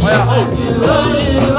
Well,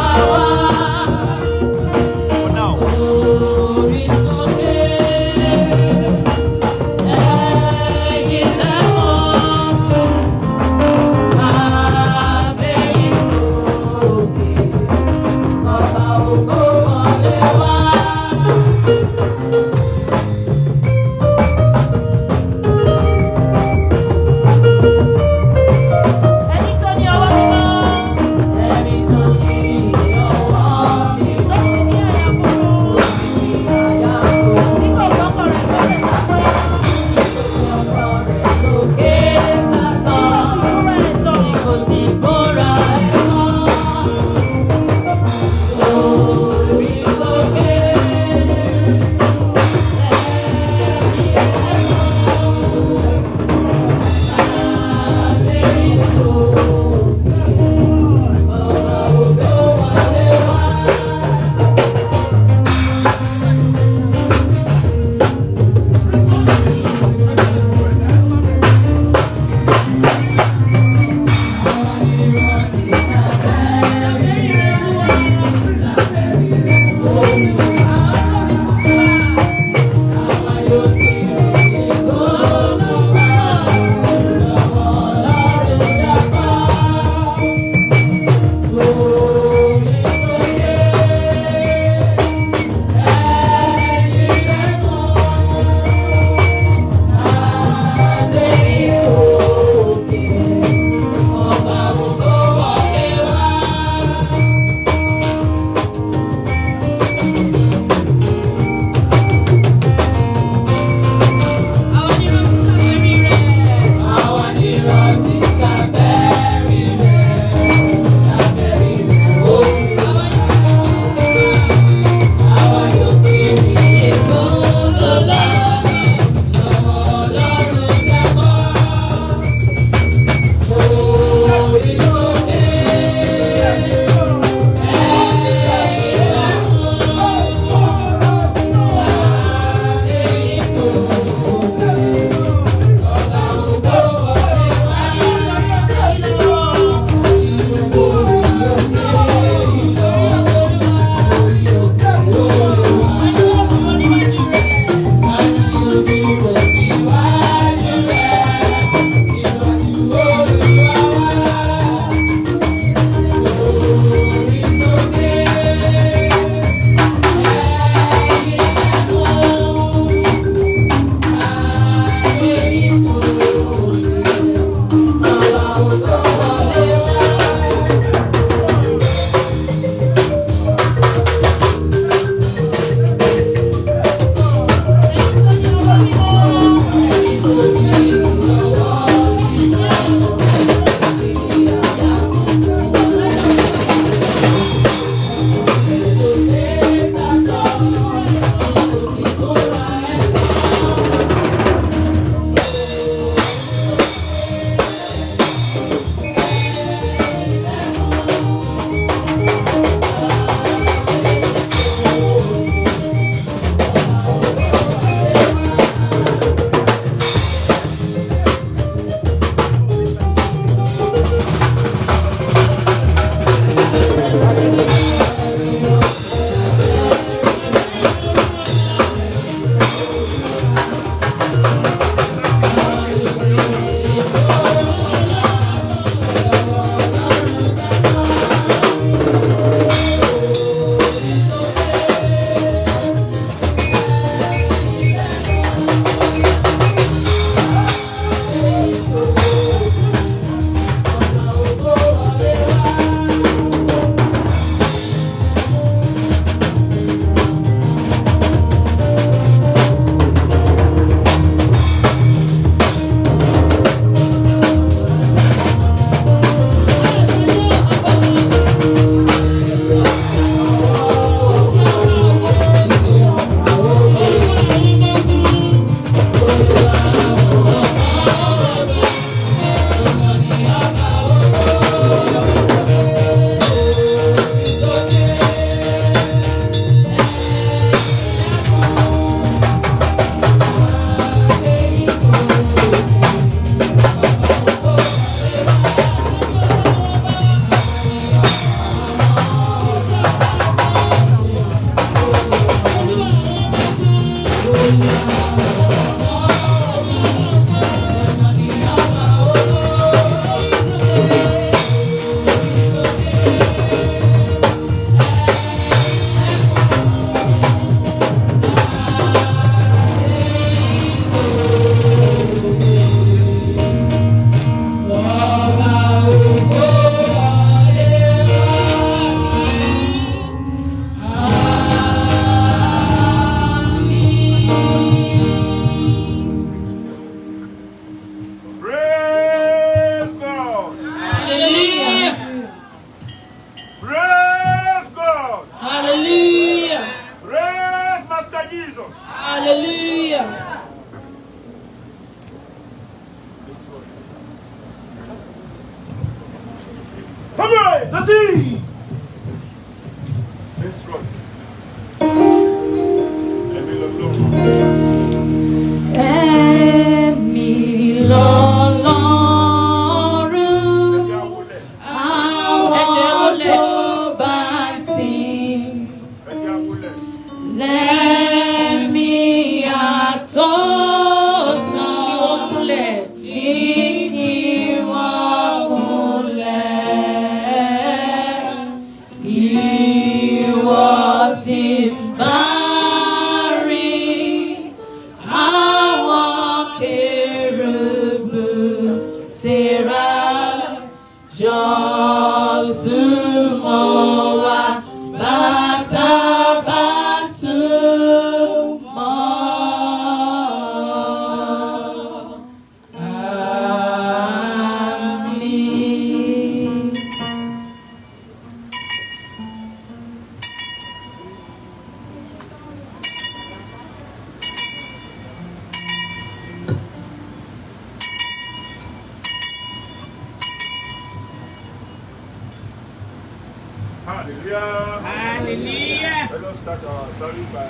Hallelujah. Hallelujah. Let us start our uh, service by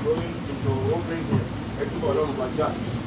going into opening the Ekubalomu Baja.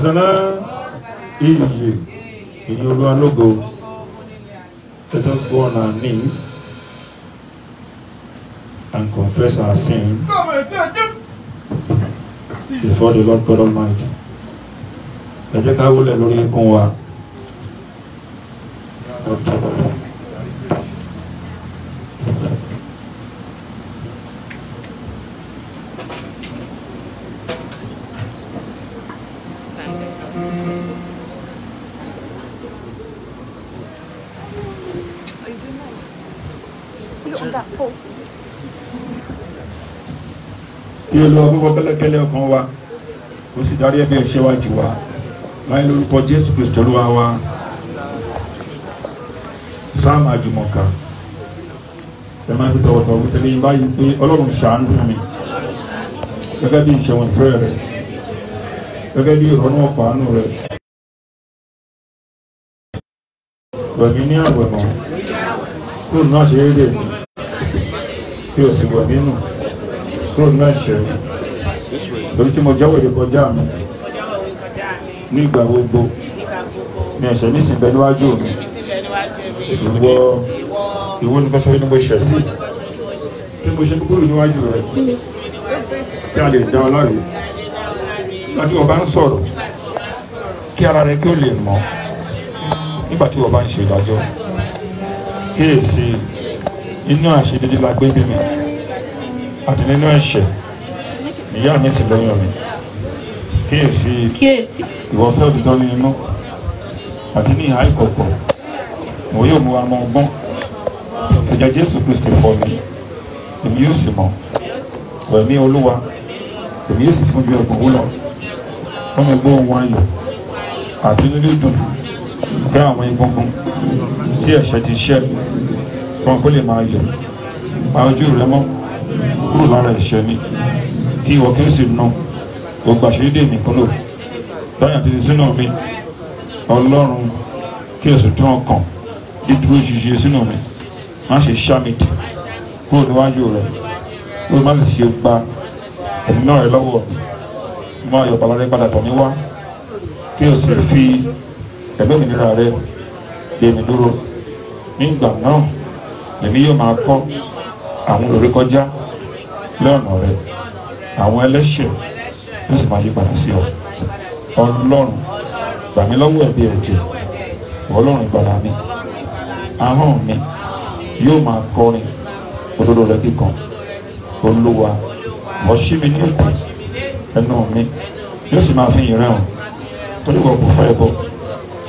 ọ̀sánná ìyè ìyè olúwa lógo let us go on our knees and confess our sin before the Lord God Almighty àdá kò sí. kí olúwa gbogbo kẹ́lẹ́kẹ́lẹ́ ọkàn wa ó sì dárí ẹ̀bi ẹ̀ṣẹ̀ wa jì wá láì lórúkọ jésù kristu olúwa wa sáàmù àjùmọ̀ká ẹ máa fi tọwọ́tọwọ́ tẹ̀lé yín báyìí pé ọlọ́run ṣàánú fún mi gẹ́gẹ́ bí ìṣẹ̀wọ̀n ìfẹ́ rẹ̀ gẹ́gẹ́ bí ìrọ̀nù ọ̀pọ̀ àánú rẹ̀ wẹ̀mí ní àwẹ̀mọ̀ kúrò náà ṣe é dè mí kí o sì wọ̀ nínú kúrò nínú ẹ̀ṣẹ̀ torí tí mo jẹ́wọ́ ìrékọjá mi ní ìgbà gbogbo ní ẹ̀ṣẹ̀ mi sì bẹ níwájú mi ìwọ ìwọ ní kọ́sọ́ ní mo ṣẹ̀ sí tí mo ṣe kúrò níwájú rẹ kí a lè dá ọ láre láti ọba ń sọ̀rọ̀ kí ara rẹ kí ó lè mọ̀ nígbà tí ọba ń ṣe ìdájọ́ kíyèsí nínú àṣedédé la gbé bí mi àti nínú ẹ̀ṣẹ̀ ìyá mi sì lóyún mi kíyèsí ìwọ fẹ́ òtítọ́ ní inú àti ní ìhà ìkọ̀kọ̀ mo yóò mú wa mọ ọgbọ́n ẹ̀jẹ̀ Jésù Kristi fọ̀ mí èmi yóò sì mọ̀ wẹ̀mí Olúwa èmi yóò sì fún ju ẹ̀bùn wúlọ̀ wọ́n mi gbọ́ ohun ayọ̀ àti nílé dùn kẹ́ àwọn egungun tí ẹ̀ṣẹ̀ ti ṣẹ́ mi kan kó lè máa yọ pa ojú rẹ mọ́ kúrò lára ẹ̀ṣẹ̀ ni kí ìwọ kí ó sì nu gbogbo àṣírí dè mí kúrò lọ́yà títí sínú mi ọlọ́run kí ẹ̀sùn tún ọkàn dídúró ṣiṣẹ́ sínú mi má ṣe ṣá mi tì kúrò níwájú rẹ kó má sì ṣe gba ẹ̀mí náà rẹ lọ́wọ́ mi má yọ bàbá rẹ padà tọ̀ mí wá kí o sì fi ẹgbẹ́ òmìnira rẹ dè mí dúró nígbà náà lèmi yóò máa kọ́ àwọn olùrékọjá lọ́nà rẹ àwọn ẹlẹ́ṣẹ̀ ló sì máa yí padà sí ọ ọlọ́run gbà mí lọ́wọ́ ẹ̀bi ẹ̀jẹ̀ ọlọ́run ìgbàlà mi ahọ́n mi yóò máa kọrin òdodo rẹ kíkan olúwa ọ̀ṣí mi ní ètò ẹnu mi yóò sì máa fi yìn rẹ̀ hàn torí wọn kò fẹ́ ẹ̀bọ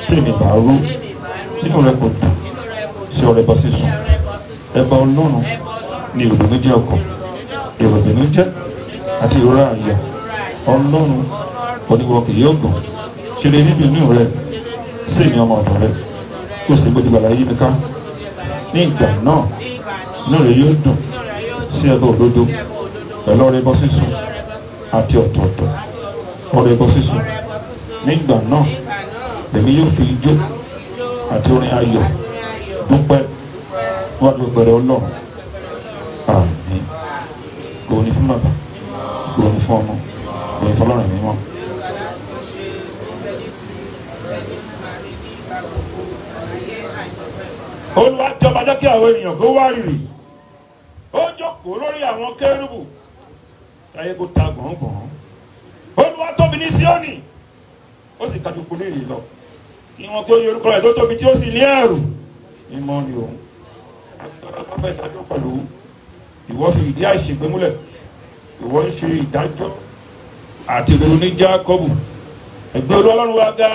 tí èmi bá rú nínú rẹ kò dùn sí ọrẹ bọ sísun ẹbọ ọlọ́run ni ìrònújẹ́ ọkàn ìrònújẹ́ àti ìrora àyà ọlọ́run oníwọ̀kì yóò gàn ṣe lè níbi inú rẹ sí ní ọmọ ọ̀dọ̀ rẹ kó sì gbódìgbà láyé mi ká ní ìgbà náà inú rẹ yóò dùn sí ẹbọ òdodo pẹ̀lú ọrẹ bọ́ sísun àti ọ̀tọ̀ọ̀tọ̀ ọrẹ bọ́ sísun nígbà náà lèmi yóò fi ijó àti orin ayọ̀ dúpẹ́ wọ́n ti pẹ̀lẹ́ ọlọ́run àmì kò ní fún bàbá kò ní fún ọmọ kò ní fún ọlọ́run mímọ́. olùwàjọba jẹ́ kí àwọn ènìyàn kó wá rírì ó jókòó lórí àwọn kérúbù ayé kó ta gbọ̀ngbọ̀n olúwa tóbi ní Síónì ó sì kájú kúlẹ̀ yìí lọ kí kí ó yẹ orúkọ rẹ̀ tó tóbi tí ó sì ní ẹ̀rù ìmọ̀ ni òun tó fẹ́ dájọ́ pẹ̀lú ìwọ fi ìdí àìṣègbè múlẹ̀ ìwọ ń ṣe ìdájọ́ àti ìrònú ní Jákọ́bù ẹgbẹ́ Ọlọ́run wa ga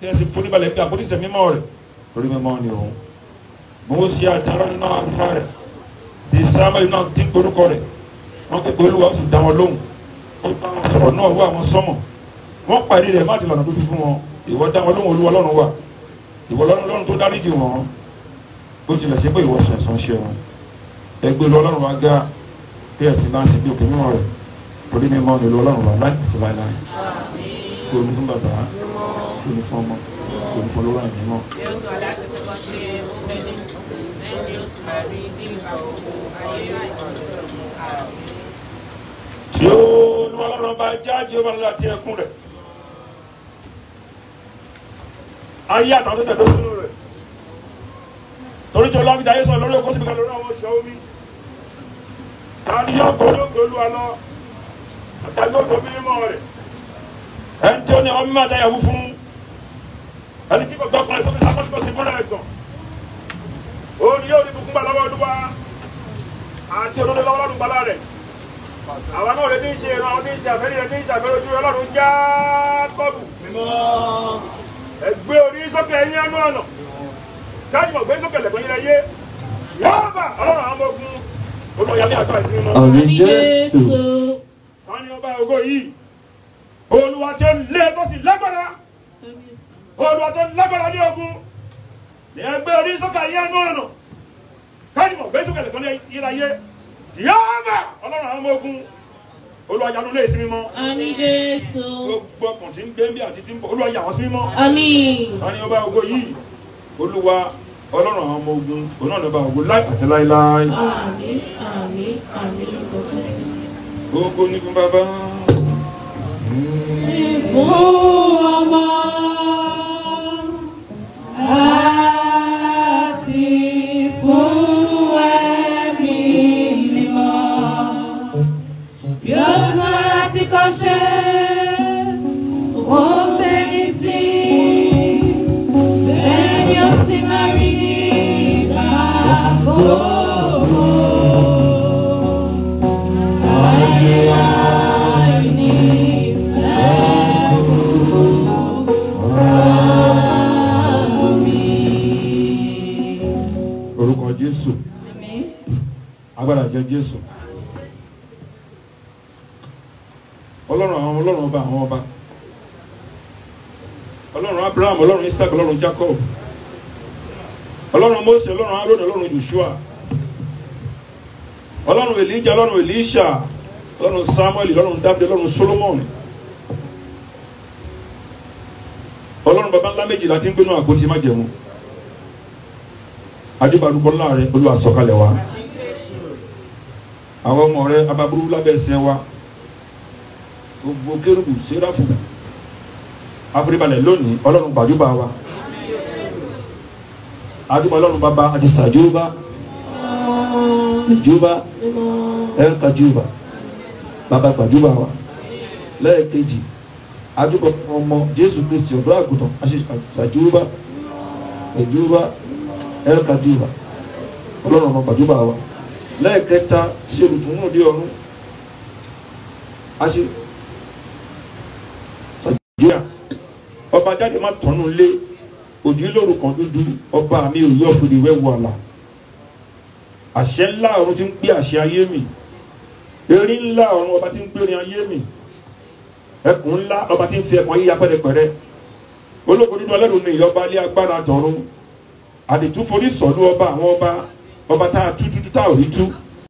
kí ẹ sì foríbalẹ̀ gbé àpótí ìsẹ̀mímọ́ rẹ̀ lórí mímọ́ ni òun Mósè àtàrà nínú àlùfà rẹ̀ di Sámúẹ́lì náà ti ń gborúkọ rẹ̀ wọ́n ké pẹ̀lú wàásù dá wọn lóhùn ó bá wọn sọ̀rọ̀ náà wá wọn sọ́mọ̀ wọ́n parí rẹ̀ má ti lọ́nà dúdú fún wọn ìwọ dá wọn lóhùn Olúwa Ọlọ́run wa ìwọ Ọlọ́run tó dáríjì wọn bó tilẹ̀ ṣe pé ìwọ ṣẹ̀sán ṣe wọn ẹgbẹ́ lọ́lọ́run agá tí ẹ̀sìn náà ṣe bí òkè mímọ́ rẹ̀ torí mímọ́ ni lọ́lọ́run wà láì àti láì láì kò ní fún bàbá kò ní fún ọmọ kò ní fún lọ́rọ̀ àmì mọ́. tí ó ní ọlọ́run bá jáde ó bá lọ láti ẹkún rẹ̀ ayé àtàwọn tó tẹ̀ lọ́sọ̀rọ̀ torí tí olóòfin dayé sọ̀rọ̀ lórí okó síbi kan lórí àwọn oṣù omi tani yóò kó lóògbé olúwa lọ àtàgbọ́gbọ́ mímọ́ rẹ̀ ẹni tí ó ní ọmọ àti àyàwó fún ẹni tí gbogbo ọkùnrin sọ́kè sábàtúbọ̀ sí fúnra ẹ̀tàn ó yóò ní bùkún lọ́wọ́ olúwa àti olódó lọ́wọ́ lọ́dún gbala rẹ̀ àwọn náà rẹ̀ ní í ìran àwọn ní í àfẹ́rí rẹ̀ ní í àfẹ́rí ojú rẹ̀ lọ́dún jákọ́bù ẹgbẹ́ orí sókè ẹ̀yìn ẹnu ọ̀nà káyọ̀ gbé sókè lẹ́gbẹ́ yẹn yé yọ̀ọ́ ọlọ́run àwọn ọmọ ogun olùyàmí àgbà ìsinmi mọ́. àmì jésù. wọ́n ní ọba ògo yìí olúwa tó lé tó sì lágbára olúwa tó lágbára ní ogun ní ẹgbẹ́ orí sókè yẹn nú ọ̀nà káyọ̀ gbé sókè lẹ́gbẹ́ yẹn yé yọ̀ọ́ ọlọ́run àwọn ọmọ ogun olùwàyàlú lè sinmi mọ́. àmín jésù. gbogbo ọkùnrin tí ń gbé bí àti tí ń bọ̀ olùwàyà sinmi mọ́. àmín. wọ́n ní ọba ògo yìí olúwa ọlọ́run àwọn ọmọ ogun òun náà ló bá ògo láì àti láíláí. àmín ní fún bàbá. ní lórúkọ Jésù ọlọ́run àwọn ọlọ́run ọba àwọn ọba ọlọ́run Abraham ọlọ́run Isaac ọlọ́run Jacob ọlọ́run Mose ọlọ́run Aaron ọlọ́run Joshua ọlọ́run Elijah ọlọ́run Elisha ọlọ́run Samuel ọlọ́run David ọlọ́run Solomon ọlọ́run baba ńlá méjì láti ń gbénu àpótí májẹ̀mú adébàdúgbò ńlá rẹ olúwa sọ̀kalẹ̀ wa. Amen àwọn ọmọ rẹ ababuru lábẹ́sẹ̀ wa gbogbo kérubù sẹ́ráfù àforíbalẹ̀ lónìí ọlọ́run gbàjúbà wa àdúgbò ọlọ́run bàbá àti sàjúbà ìjúbà ẹ̀ẹ́kàjúbà bàbá gbàjúbà wa lẹ́ẹ̀kejì àdúgbò ọmọ jésù kristi ọ̀dọ́ àgùntàn àti sàjúbà ìjúbà ẹ̀ẹ́kàjúbà ọlọ́run ọmọ gbàjúbà wa lẹ́ẹ̀kẹta sí olùdùnnú òde ọ̀run àṣì sàjọyà ọba jáde má tọ́nu lé òjì kan dúdú ọba mi ò yọ fìdí wẹ́wọ̀ àlà àṣẹ ńlá ọ̀run ti ń gbé àṣẹ ayé mi erin ńlá ọ̀run ọba ti ń gbé orin ayé mi ẹkùn ńlá ọba ti ń fi ẹkùn ayé ya pẹ́rẹpẹ́rẹ olóko nínú ọlẹ́rù ni ìyọba alẹ́ agbára tọ̀run àdìtú forí sọ̀lú ọba àwọn ọba ọba tá a tú tá a ò rí tú.